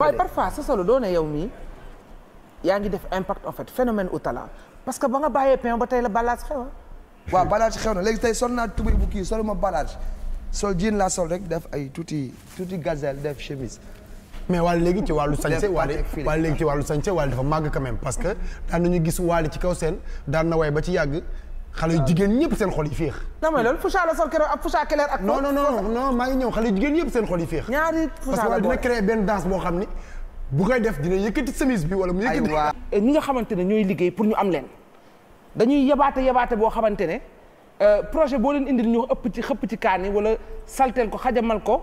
waaye parfois sa solo doone yow mii yaa ngi def impact en fait phénomène au talent parce que ba nga bàyyee pain ba tey la balaage xew ah. waaw balaage xew na léegi tey sol naa tubéy bu kii sol ma balaage sol jean laa sol rek def ay tuuti tuuti gazelle def chemise mais wàll léegi ci wàllu sañse wàll léegi ci wàllu sañse wàll dafa màgg quand même parce que daan nañu gis wàll ci kaw seen daan na way ba ci yàgg xale yu jigéen ñëpp seen xol yi féex. non mais loolu Foucha la sol keroog ak Foucha Keller ak. non non non non maa ngi ñëw xale yu jigéen ñëpp seen xol yi féex. ñaari Foucha la parce que dina créer benn danse boo xam ni bu koy def dina yëkkati semis bi wala mu yëkkati. aywa ñi nga xamante ne ñooy liggéey pour ñu am leen dañuy yabaate yabaate boo xamante ne projet boo leen indil ñu ëpp ci xëpp ci kaani wala salteel ko xajamal ko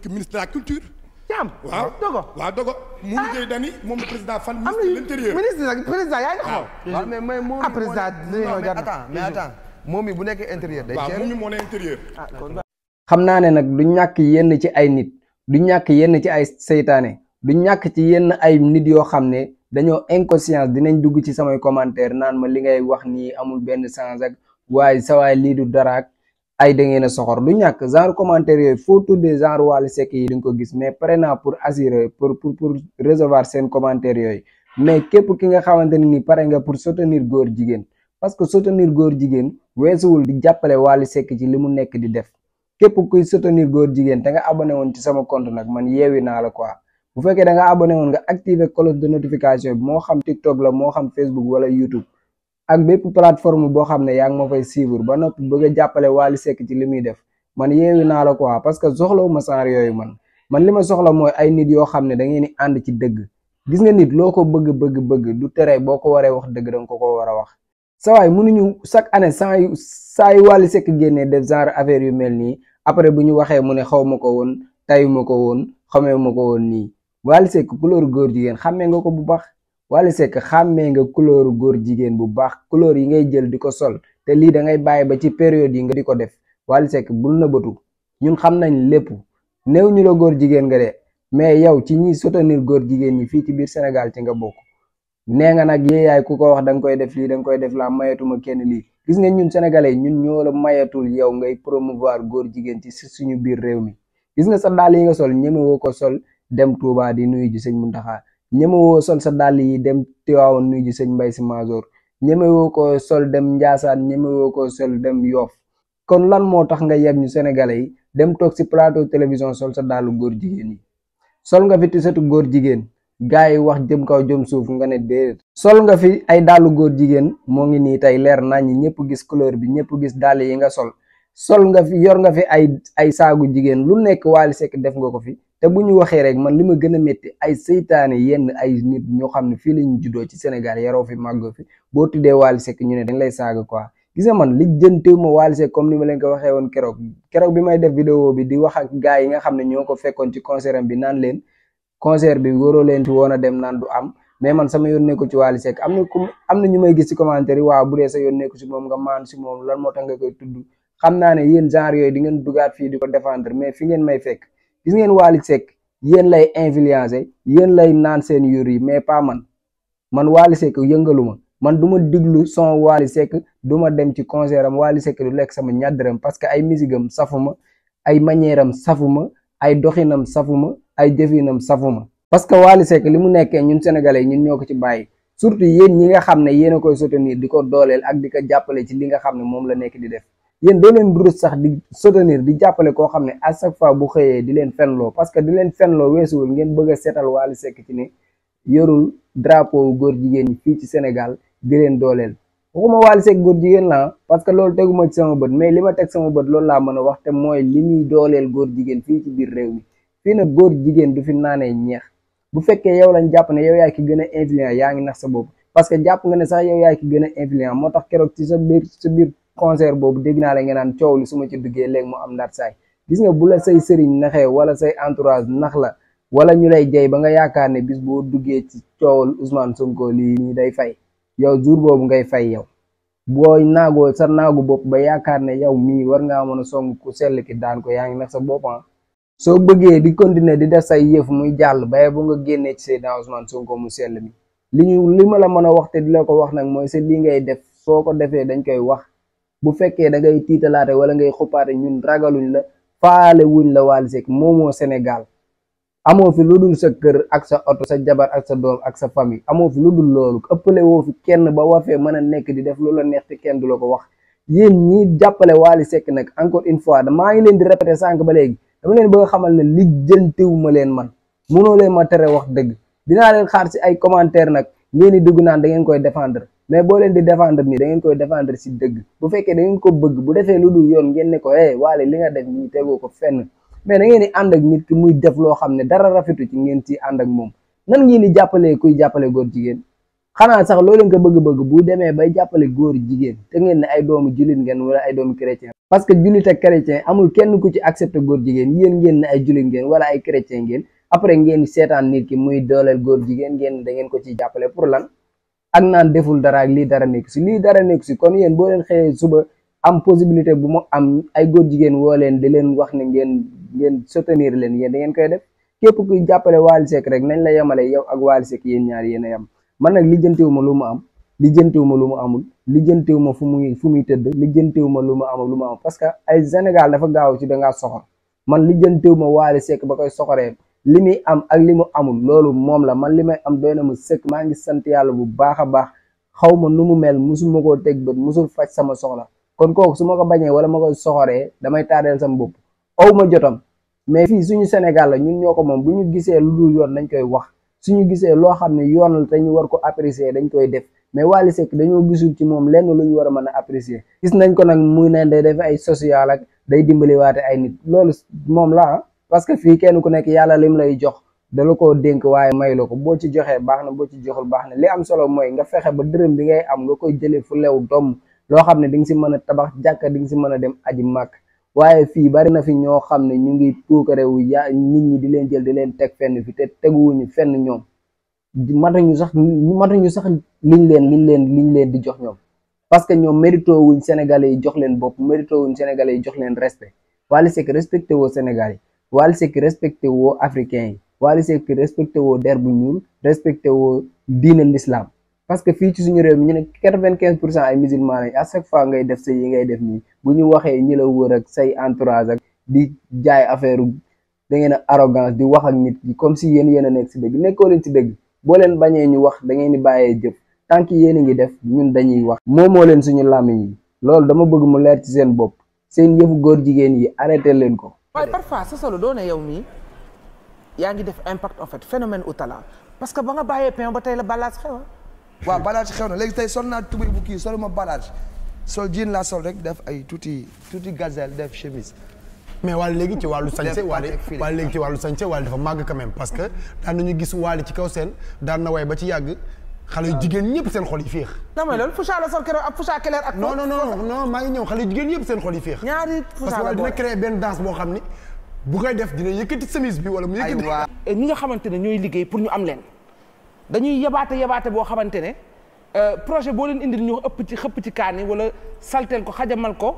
dénk ministre de la culture. Thiam Dogo waaw Dogo. Ah. mu liggéey dani moom le président fan. ministre de l'intérieur ministre nag président yaa ngi xool. Ah. waaw mais mais moom ah, mais attends moom mi bu nekkee intérieur. day teel waaw moom mi moo ne intérieur. xam naa ne nag du ñàkk yenn ci ay nit du ñàkk yenn ci ay seytaane du ñàkk ci yenn ay nit yoo xam ne dañoo inconscience dinañ dugg ci samay commentaire naan ma li ngay wax nii amul benn sens ak waaye sa waay lii du dara ak ay da ngeen a soxor du ñàkk genre commentaire yooyu foo tuddee genre Wally Seck yi di nga ko gis mais pare naa pour assurer pour pour pour recevoir seen commentaire yooyu mais képp ki nga xamante ne ni pare nga pour soutenir góor jigéen parce que soutenir góor jigéen weesuwul di jàppale Wally Seck ci li mu nekk di def képp kuy soutenir góor jigéen te nga abonné woon ci sama conte nag man yeewi naa la quoi bu fekkee da nga abonné woon nga activer cloche de notification moo xam TikTok la moo xam Facebook wala YouTube ak bépp plateforme bo xam yaang yaa ma fay suivre ba nopi bëgg a wali Wally ci limi def man yeewi na la quoi parce que soxlo ma sar yoy man man lima ma soxla mooy ay nit yo xam da ngay ni and ci dëgg gis nga nit loko ko bëgg bëgg bëgg du téré boko waré wax dëgg dang ko ko wara wax. sa waay mënuñu chaque année saa yu say wali Wally Seck def genre affaire yu melni après bu waxé mu ne xaw ko woon tayu ko woon ma ko couleur góor jigéen nga ko bu baax. Wally Seck xàmmee nga couleur góor jigéen bu baax couleur yi ngay jël di ko sol te lii da ngay bàyyi ba ci période yi nga di ko def Wally Seck bul na bëtu ñun xam nañ lépp néew ñu la góor jigéen nga de mais yow ci ñiy soutenir góor jigéen ñi fii ci biir senegal ci nga bokk nee nga nag yee yaay ku ko wax da nga koy def lii da koy def laa mayatuma kenn lii gis nga ñun sénégalais ñun ñoo la mayatul yow ngay promouvoir góor jigéen ci si suñu biir réew mi gis nga sa daal yi nga sol ñemewoo ko sol dem Touba di nuyu ji sëñ Muntaxa ñemewoo sol sa dàll yi dem Tiwaawoon nuyu ji sëñ Mbay si Maasoor ñemewoo ko sol dem Njaasaan ñemewoo ko sol dem Yoof kon lan moo tax nga yag ñu sénégalais yi dem toog si plateau télévision sol sa dàllu góor jigéen sol nga fi tisatu góor jigéen gaa yi wax jëm kaw jëm suuf nga ne déedéet sol nga fi ay dàllu góor jigéen moo ngi nii tey leer nañ ñi ñëpp gis couleur bi ñëpp gis dàll yi nga sol sol nga fi yor nga fi ay ay saagu jigéen lu nekk Wally Seck def nga ko fi te bu ñu waxee rek man li ma gën a métti ay seytaane yenn ay nit ñoo xam ne fii la ñu juddoo ci Sénégal yaroo fi màggoo fi boo tuddee Wally Seck ñu ne dañ lay saaga quoi gis nga man li jëntew ma Wally Seck comme ni ma leen ko waxee woon keroog keroog bi may def vidéo bi di wax ak gars yi nga xam ne ñoo ko fekkoon ci concert bi naan leen concert bi waroo leen ci woon dem naan du am mais man sama yoon nekko ci Wally Seck am na am na ñu may gis ci commentaire yi waaw bu dee sa yoon nekku si moom nga maan ci moom lan moo tax nga koy tudd xam naa ne yéen genre yooyu di ngeen dugaat fii di ko défendre mais fi ngeen may fekk gis ngeen Wally Seck yéen lay influencer yéen lay naan seen yur yi mais pas man man Wally Seck yëngalu ma man du ma diglu son Wally Seck du ma dem ci concert am Wally Seck du lekk sama ñàddaram parce que ay misigam safuma ay manière am safuma ay doxinam safuma ay jëfinam safuma parce que Wally Seck li mu nekkee ñun sénégalais ñun ñoo ko ci bàyyi surtout yéen ñi nga xam ne yéen a koy soutenir di ko dooleel ak di ko jàppale ci li nga xam ne moom la nekk di def yéen doo leen rus sax di soutenir di jàppale koo xam ne à chaque fois bu xëyee di leen fenloo parce que di leen fenloo weesuwul ngeen bëgg a seetal Wally Seck ci ne yorul drapeau góor jigéen fii ci Sénégal di leen dooleel waxuma Wally Seck góor jigéen la parce que loolu teguma ci sama bët mais li ma teg sama bët loolu laa mën a wax te mooy li muy dooleel góor jigéen fii ci biir réew mi fii nag góor jigéen du fi naanee ñeex bu fekkee yow lañ jàpp ne yow yaay ki gën a influent yaa ngi nax sa bopp parce que jàpp nga ne sax moo tax keroog ci sa biir sa biir concert boobu dégg naa la nga coow li su ma ci duggee léegi mu am ndaat saay gis nga bu la say sëriñ naxee wala say entourage nax la wala ñu lay jey ba nga yaakaar ne bis boo duggee ci coowal Ousmane Sonko lii nii day fay yow boobu ngay fay yow booy naagoo sa naagu bopp ba yaakaar ne yow mii war ngaa mën a song ku sell ki daan ko yaa ngi nax sa boppan ah. di continuer di def say yëf mu sell mi li ñu li ma la mën a wax te di la ko wax nag mooy sa lii ngay def soo ko defee dañ koy wax bu fekkee da ngay tiitalaate wala ngay xuppaate ñun ragaluñ la faale wuñ la Wally Seck moomoo Sénégal amoo fi lu dul sa kër ak sa oto sa jabar ak sa doom ak sa famille amoo fi lu dul loolu ëppale woo fi kenn ba wafee mën a nekk di def loolu la neex te kenn du ko wax yéen ñi jàppale Wally Seck nag encore une fois maa ngi leen di répété sànq ba léegi dama leen bëgg a xamal ne li ma leen man mënoo leen ma tere wax dëgg dinaa leen xaar si ay commentaire nag ngeen dugg naan da ngeen koy défendre mais bo len di défendre ni da ngeen koy défendre ci deug bu fekke da ngeen ko bëgg bu défé luddul yoon ngeen ne ko eh walé li nga def ni tegoo ko fenn mais da ngeen ni and ak nit ki muy def lo xamné dara rafetu ci ngeen ci and ak mom nan ngeen ni jappalé kuy jappalé goor jigen xana sax lo len ko bëgg-bëgg bu démé bay jappalé goor jigen te ngeen ni ay doomu julit ngeen wala ay doomu chrétien parce que julit ak chrétien amul kenn ku ci accepter goor jigen yeen ngeen ni ay julit ngeen wala ay chrétien ngeen après ngeen sétane nit ki muy dolel goor jigen ngeen da ngeen ko ci jappalé pour lan ak naan deful dara ak lii dara nekk si lii dara nekk si kon yéen boo leen xëyee suba am possibilité bu mu am ay góor jigéen woo leen di leen wax ne ngeen ngeen soutenir leen yéen da ngeen koy def képp kuy jàppale Wally seek rek nañ la yemale yow ak waal Seck yéen ñaar yéen a yem man nag lijjantiwu ma lu mu am lijjantiwu ma lu mu amul lijjantiwu ma fu muy fu muy tëdd lijjantiwu ma lu mu amul lu mu am parce que ay Sénégal dafa gaaw ci dangaa soxor man lijjantiwu ma Wally Seck ba koy soxoree li muy am ak li mu amul loolu moom la man li may am doy na mu sëkk maa ngi sant yàlla bu baax a baax xaw ma nu mu mel musuma koo teg bët musul faj sama soxla kon kooku su ma ko bañee wala ma koy soxoree damay taadeel sama bopp aw ma jotam mais fii suñu Sénégal la ñun ñoo ko moom bu ñu gisee lu dul yoon dañ koy wax su ñu gisee loo xam ne yoon la te ñu war ko apprécier dañ koy def mais Wally Seck dañoo gisul ci moom lenn lu ñu war a mën a apprécier gis nañ ko nag muy ne day def ay social ak day dimbaliwaate ay nit parce que fii kenn ku nekk yàlla lim lay jox dala koo dénk waaye may la ko boo ci joxee baax na boo ci joxul baax na li am solo mooy nga fexe ba dërëm bi ngay am nga koy jëlee fu lew doom loo xam ne di nga si mën a tabax jàkka di nga si mën a dem aji màkk waaye fii bari na fi ñoo xam ne ñu ngi tuukarewu ya nit ñi di leen jël di leen teg fenn fi te teguwuñu fenn ñoom matuñu sax matuñu sax liñ leen liñ leen liñ leen di jox ñoom parce que ñoom mérito wuñ sénégalais yi jox leen bopp mérito wuñ sénégalais jox leen respect wala c'est respecté woo sénégal yi Wally Seck respecté woo africain yi Wally Seck respecté woo der bu ñuul respecté woo diine l'islam parce que fii ci suñu réew mi ñu ne quatre-vingt-quinze pour cent ay musulman lañ à chaque fois ngay def sa yi ngay def nii bu ñu waxee ñi la wër ak say entourage ak di jaay affaire da ngeen a arrogance di wax ak nit ki comme si yéen yéen a nekk si dëgg nekkoo leen si dëgg boo leen bañee ñu wax da ngeen di bàyyee jëf tant que yéen a ngi def ñun dañuy wax moomoo leen suñu làmmiñ yi loolu dama bëgg mu leer seen bopp seen yëfu góor jigéen yi arrêté leen ko waaye parfois sa solo doone yow mii yaa ngi def impact en fait phénomène au talent parce que ba nga bàyyee pain ba tey la balaas xew ah. waaw balaas xew na léegi tey sol naa tubéy bu kii sol ma balaas sol jean laa sol rek def ay tuuti tuuti gazelle def chemise mais wàll léegi ci wàllu sañse wàll léegi ci wàllu sañse wàll dafa màgg quand même parce que daan ñu gis wàll ci kaw seen daan na way ba ci yàgg xale yu jigéen ñëpp seen xol yi féex. damay loolu Foucha la sol keroog ak Foucha Keller ak. non non non non maa ngi ñëw xale yu jigéen ñëpp seen xol yi féex. ñaari Foucha la parce que dina créer benn danse boo xam ni bu koy def dina yëkkati semis bi wala mu yëkkati. aywa ñi nga xamante ne ñooy liggéey pour ñu am leen dañuy yabaate yabaate boo xamante ne projet boo leen indil ñu ëpp ci xëpp ci kaani wala salteel ko xajamal ko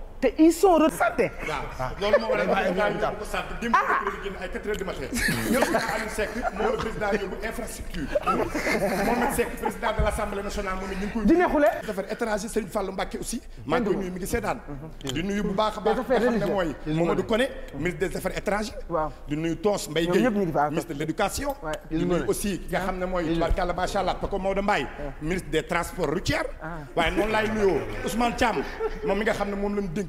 ils sont non non non non non ay non non du matin. non non non non non président non infrastructure. non non président de non nationale non non koy. di non affaire étranger Serigne Fallou des non mooy non ministre des affaires étrangères. non di nuyu ministre de non di nuyu aussi non non ministre des transports routiers. Ah. non non non non Ousmane non non